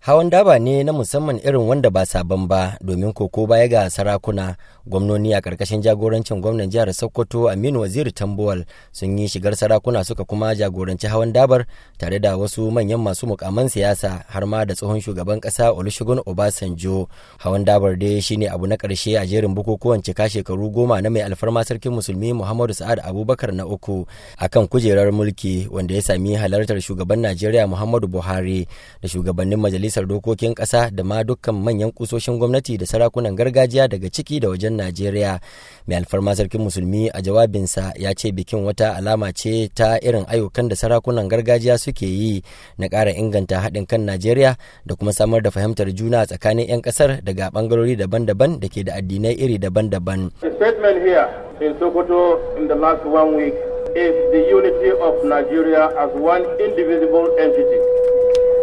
Hawan daba ne na musamman irin wanda ba sabon ba domin koko baya ga sarakuna gwamnoni a ƙarƙashin jagorancin gwamnan jihar Sokoto Aminu Waziri Tambuwal sun yi shigar sarakuna suka kuma jagoranci hawan dabar tare da wasu manyan masu mukaman siyasa har ma da tsohon shugaban ƙasa Olusegun Obasanjo. Hawan dabar dai shine abu na ƙarshe a jerin bukukuwan cika shekaru goma na mai alfarma sarkin musulmi Muhammadu Sa'ad Abubakar na uku akan kujerar mulki wanda ya sami halartar shugaban Najeriya Muhammadu Buhari da shugabannin majalisar majalisar dokokin ƙasa da ma dukkan manyan kusoshin gwamnati da sarakunan gargajiya daga ciki da wajen najeriya mai alfarma sarkin musulmi a jawabinsa ya ce bikin wata alama ce ta irin ayyukan da sarakunan gargajiya suke yi na kara inganta haɗin kan najeriya da kuma samar da fahimtar juna tsakanin 'yan ƙasar daga bangarori daban-daban da ke da addinai iri daban-daban in Sokoto in the last one week is the unity of Nigeria as one indivisible entity.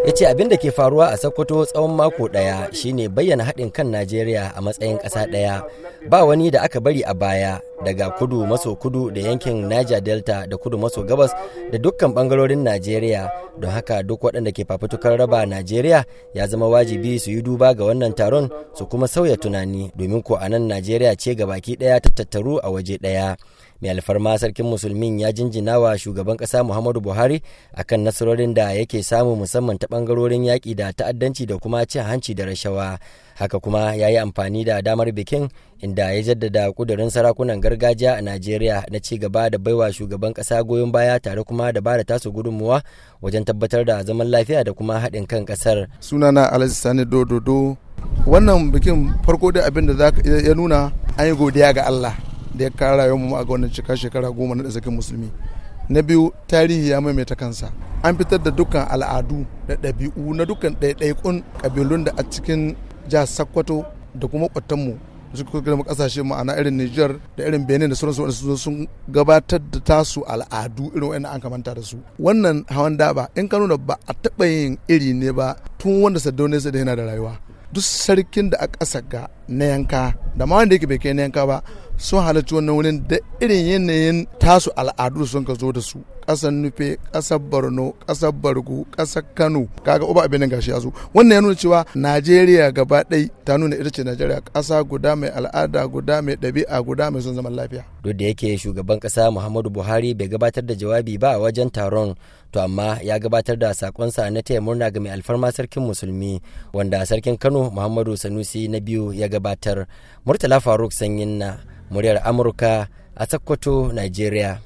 ya ce abin da ke faruwa a sokoto tsawon mako daya shine bayyana haɗin kan najeriya a matsayin ƙasa ɗaya ba wani da aka bari a baya daga kudu maso kudu da yankin niger delta da kudu maso gabas da dukkan bangarorin najeriya don haka duk waɗanda ke fafutukar raba najeriya ya zama wajibi su yi duba ga wannan taron su kuma sauya tunani domin ko a nan najeriya ce ga baki ɗaya ta tattaru a waje ɗaya mai alfarma sarkin musulmin ya jinjina wa shugaban kasa muhammadu buhari akan nasarorin da yake samu musamman ta bangarorin yaƙi da ta'addanci da kuma cin hanci da rashawa haka kuma ya yi amfani da damar bikin inda ya jaddada kudurin sarakunan gargajiya a najeriya na ci gaba da baiwa shugaban kasa goyon baya tare kuma da bada tasu gudunmuwa wajen tabbatar da zaman lafiya da kuma haɗin kan kasar sunana alhaji sani dododo wannan bikin farko da abin da ya nuna an yi godiya ga allah da ya kara rayuwar mu a ga wannan cika shekara goma na tsakin musulmi na biyu tarihi ya maimaita kansa an fitar da dukkan al'adu da ɗabi'u na dukkan ɗaiɗaikun ƙabilun da a cikin jihar sakkwato da kuma kwatanmu su suka girma kasashe ma'ana irin niger da irin benin da sauransu wanda sun sun gabatar da tasu al'adu irin wanda an kamanta da su wannan hawan daba in ka nuna ba a taɓa yin iri ne ba tun wanda sadaune da yana da rayuwa duk sarkin da a ƙasa ga na yanka da ma wanda yake bai kai na yanka ba sun halarci wannan wurin da irin yanayin tasu al'adu sun ka zo da su ƙasar nufe ƙasar borno ƙasar bargu ƙasar kano kaga uba abin nan gashi ya zo wannan ya nuna cewa najeriya gaba ɗai ta nuna ita ce najeriya ƙasa guda mai al'ada guda mai ɗabi'a guda mai son zaman lafiya duk da yake shugaban ƙasa muhammadu buhari bai gabatar da jawabi ba a wajen taron to amma ya gabatar da sakonsa na taya murna ga mai alfarma sarkin musulmi wanda sarkin kano muhammadu sanusi na biyu ya gabatar murtala faruk sanyin na muryar amurka a sakkwato nigeria